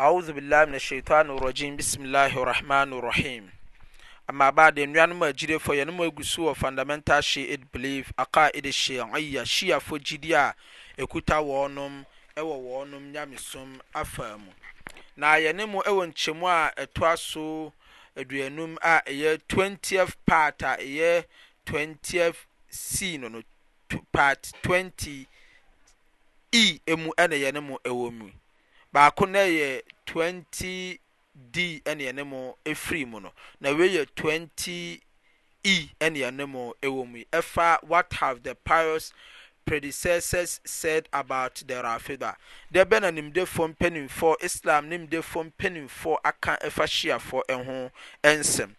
aozu billahi min ashaitan irragim bisimi llahi rohmani irrohim ama bade nnuano m a gyirefo yɛno mo agu so wɔ fundamental shi it believe aqaida shiiya syiyafoɔ gyidi a ɛkutawɔɔ nom wɔ wɔ nom nnyamesom afaa mu na yɛne mu ɛwɔ nkyɛmu a ɛtoa so aduanum a ɛyɛ 20f part a ɛyɛ 20f c nonopart 20e mu ɛne yɛne mo ɛwɔ mu baako no yɛ twenty d ɛne ɛne mo ɛfiri mu no na wei yɛ 20 e ɛne ɛne mo ɛwɔ mu yi ɛfa what have the pious predecessors said about the rafida deɛ bɛ na nimdefoɔ mpanimfoɔ islam nimdefoɔ mpanimfoɔ aka ɛfa hyiafoɔ ɛho ɛnsɛm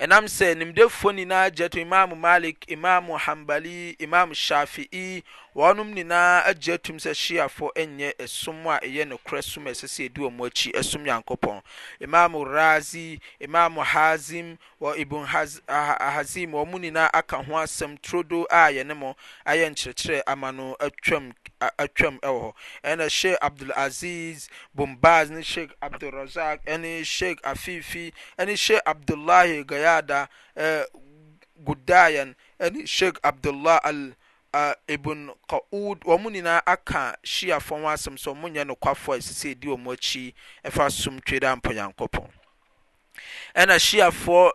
ɛnam sɛ nimdefoɔ nyinaa gye to imam malik imam hambali imam shafi'i wɔnom nyinaa agye atum sɛ shyiafo yɛ ɛsom a ɛyɛ nokora som aɛsɛsɛ ɛduɔmu akyi som nyankopɔn imam razi imam hazim wɔ ibn ah, ah, hazim wɔmu nyinaa aka ho asɛm turodo a yɛne mu ayɛnkyerɛkyerɛ ama no atwam ɛwɔ hɔ ɛna sheik abdulazis bumbas ne sheik abdurazak ɛne shyeik afifi ne shek abdulahi gayada eh, gudayan ne shek abdulaha ibn kaod wɔ mo nyinaa aka shyiafoɔ wa asɛm so ɔ monyɛ nokwafo a ɛsisɛ ɛdi wɔ mo akyi fa som twede ampɔnyankopɔn ɛna syiafoɔ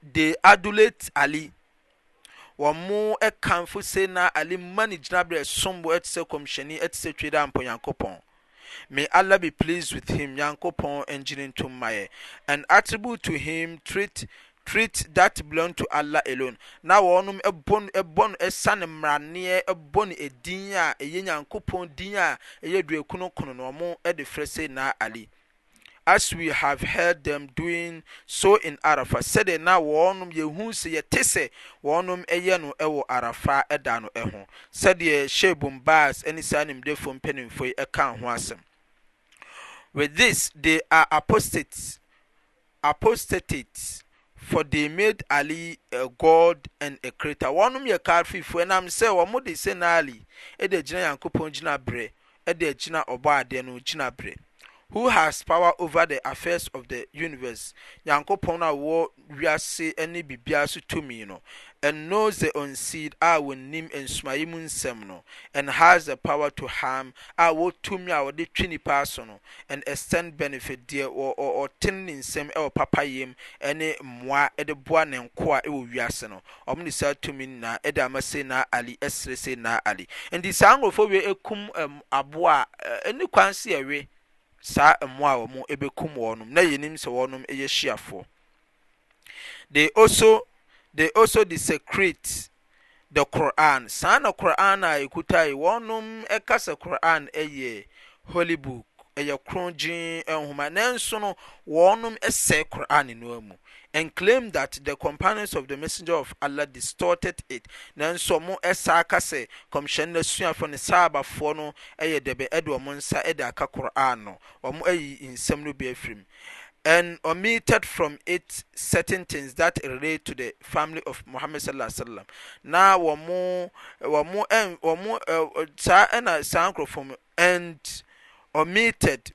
de adulete ali wɔ mo ɛkamfosee na ali ma ne gyinaberɛ som bo ɛte sɛ kɔmhyɛni ate sɛ twede ampɔ nyankopɔn me alah bi please with him nyankopɔn ngyine ntom maeɛ an attribute to him treat treat that belong to allah alone na wɔn ɛbɔ no ɛbɔ no ɛsa ne mmraneɛ ɛbɔ no edin a ɛyɛ nyankopɔn din a ɛyɛ duekunu kono na wɔn ɛde frɛ sɛ na ali as we have heard them doing so in arafa sɛde na wɔn yehu sɛ yɛte sɛ wɔn ɛyɛ no ɛwɔ arafa ɛda no ɛho sɛdeɛ shebun baas ɛne saa nimdefo mpanimfo yi ɛka ho asɛm with this they are apostates apostates for they made ali a god and a creator wɔnom yɛ karfifoɔ ɛnam sɛ wɔn de sɛ na ali ɛde gyina yankopɔn gyina berɛ ɛde gyina ɔbɔ adeɛ no gyina berɛ who has power over the affairs of the universe nyankopɔn a wɔ wiase ne biribiara so tumi no and knows the unseed a wɔnim nsumayi mu nsɛm no and has the power to harm a wɔtumi a wɔde twe nipa so no and extend benefit deɛ ɔten ne nsɛm wɔ papayɛm ne mmoa de boa ne nko a wɔ wiase no ɔmo de saa tumi na de ama se na ali ɛsere se na ali nti saa nkurɔfoɔ wei kum aboa ne kwan si ɛwe saa mmoa a wɔn bɛkum wɔn na yɛnim sɛ wɔn yɛ hyiafoɔ they also they also desecrate the quran saa na quran a ekuta yi wɔn kasa quran yɛ holy book ɛyɛ krongyee nhoma nanso no wɔn sɛ quran no mu claim that the companions of the messenger of allah distorted it nanso ɔmo saa kasɛ komsyɛne no suafo no saabafoɔ no yɛ dbɛn ɛde ɔmo nsa de aka qoran no ɔmo ayi nsɛm no biafirim an omited from it certain things that rerat to the family of mohammed sasalam na anasaa nkrɔfomu and omited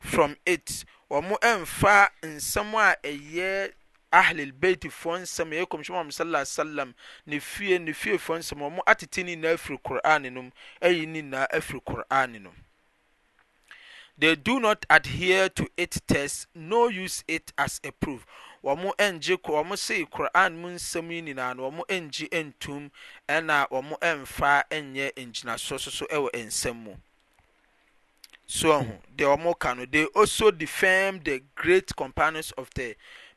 from it ɔmo mfa nsɛm a ɛyɛ ahlelbetf nsɛm ɛkm ssam nefene fief sm ɔmo atete ninaa firi quran nom yi ninaa afiri quran nom the do not adhere to it test no use it as approve sei quran mu nsɛm yi nyinaan ɔmo ngye ntum ɛna ɔmo mfa yɛ ngyinaso soso ɛwɔ nsɛm mu sohu deɛ ɔmoka no the ɔso deferm the great companions of the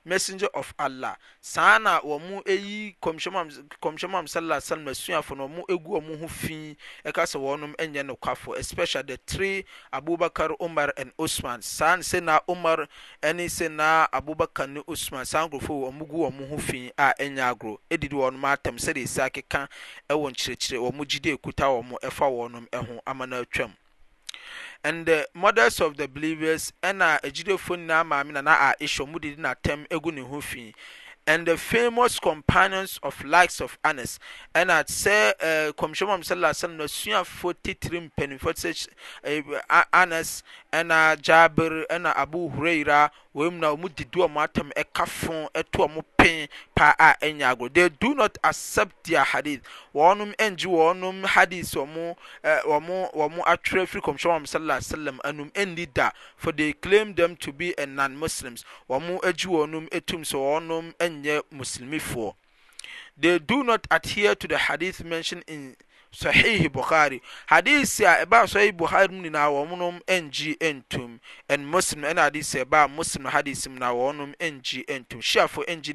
messenger of allah saa na wɔn mu yi kɔmhyɛn mu sallallahu alaihi wasallam na wɔn egu wɔn ho fi ɛka e sɛ wɔn nyɛ no kwafo especially the three abubakar umar and usman saa sɛ na umar ne sɛ na abubakar ne usman saa nkurɔfoɔ wɔn gu wɔn ho fi a ɛnyɛ agorɔ edidi wɔn atam sɛdeɛ sa keka ɛwɔ nkyerɛkyerɛ wɔn gyidi ekuta wɔn e fa wɔn e ho ama na atwam. the mothers of the believers ɛna ajidefo nyina amaami nana a isho mu didi na tɛm gu ne ho fii an the famous companions of likes of anes ɛna sɛ komisyimam sa salm no suafo titiri mpanifo anes ɛna jaber ɛna abu huraira mudidia mo atam ɛka fo toa mo pe paa a ɛnya agorɔ the do not accept their hadith wɔnom ngye wɔnom hadite w mo atwerɛ frikomho s salm anom nnida for they claim them to be anan muslims wɔmo agyi wɔ nom tum sɛ wɔnom yɛ muslimifoɔ they do not adhere to the hadith mention sahih bukhari hadisi a ɛba sahih bukhari mu nyinaa ان جي ngye ntum and ɛna hadisi a ɛba muslim hadisi mu na wɔn nom ان ntum shiafo ngye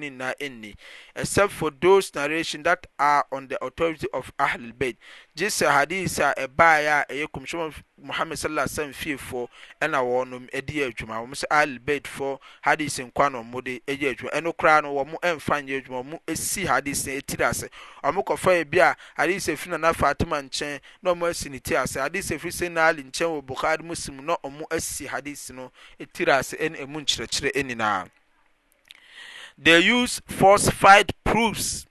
ne except for those narration that are on the authority of al bayt gye sɛ hadisi a يا a شوف muhammed sallallahu alaihi wasallam fiefoɔ ɛna wɔn ɛde yɛ adwuma wɔn sɛ albed fo hadis nkwa na wɔn de yɛ adwuma ɛno koraa no wɔn mfa nyɛ adwuma wɔn esi hadis etiri ase wɔn kɔfa ebi a hadis efiri nana fatima nkyɛn na wɔn esi ne ti ase hadis efiri sɛ naali nkyɛn wɔ bukhari muslim na wɔn esi hadis no etiri ase ɛne emu nkyerɛkyerɛ ɛnyinaa they use falsified proofs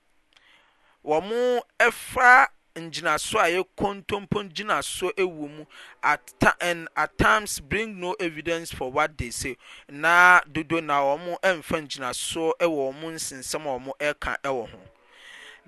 wɔn ɛfa. ngyinaso a yɛkontompon gyinaso wɔ mu an attimes bring no evidence for what they sa na dodo na wɔ mo mfa ngyinaso wɔ wɔ mo nsensɛm a wɔmo ɛka wɔ ho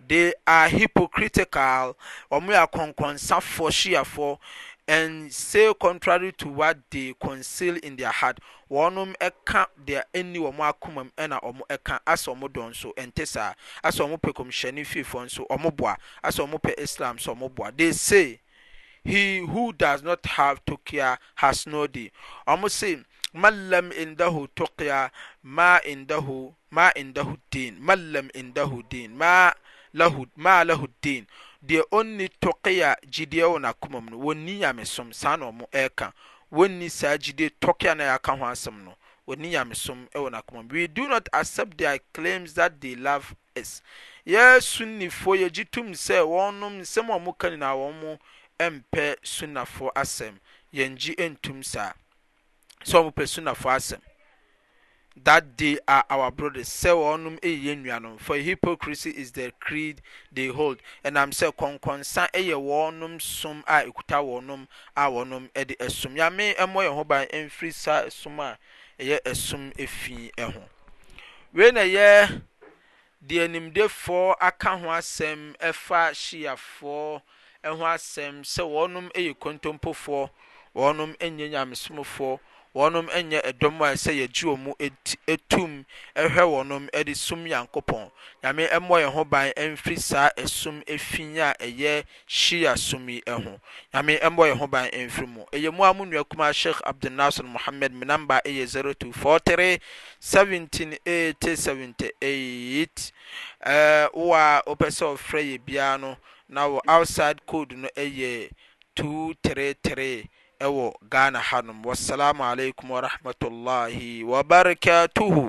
te are hypocritical ɔmo yɛ akɔnkɔnsafɔ syiafo se contrary to what de conceal in their heart wɔnom ɛka de ni wɔ mo akoma m ɛna ɔmo ɛka as ɔmodɔn so ɛnte saa as ɔmo pɛkɔmhyɛne fif nso ɔmoboa as ɔmo pɛ islam so ɔmoboa de se hi who does not have tokia has nodi ɔmo se malam indaho toka ma indhma indaho dn malm indaho dnma laho din deɛ ɔnni tɔkeya gyidee wɔ nokomam no wɔnni nyamesom saa na ɔmo ɛɛka wɔnni saa gyidee tɔkea na yɛaka ho asɛm no wɔnni nyamesom wɔ nakomam we do not accept their claims that the love s yɛ su nnifo yɛgye tum sɛ wɔnnom nsɛm wɔ mo ka nina a wɔnmo mpɛ su nafɔ asɛm yɛngye ntum saa sɛ ɔmo pɛ su nafoɔ asɛm that they are our brothers sɛ wɔnom yɛ nuanom for hypocrisy is the creed they hold ɛnam sɛ kɔnkɔnsa yɛ wɔnom som a ɛkuta wɔnom a wɔnom de som yame mmɔ yɛn ho ban mfiri saa som a ɛyɛ ɛsom fi ho wei na ɛyɛ deɛ nimdefoɔ aka ho asɛm ɛfa hyiafoɔ ho asɛm sɛ wɔnom yɛ kontompofoɔ wɔnom nyɛ nyamesomfoɔ wɔnom ɛyɛ ɛdɔmɔ a sɛ yɛgyewɔ mu tum ɛhwɛ wɔnom de sum nyankopɔn nyame ɛmbɔ yɛn ho ban mfiri saa ɛsom finyi a ɛyɛ syiya somyi ho nyame mɔ yɛn ho ban mfiri mu ɛyɛmu a monnuakumaa shiih abdunaser mohamed menambaa ɛyɛ 0243 17878 wowa ɔpɛ sɛɔfrɛ yɛ biaa no na wɔ outside code no ɛyɛ 233 ɛwɔ ghana hanom wassalamu alaikum warahmatullahi wabarakatuhu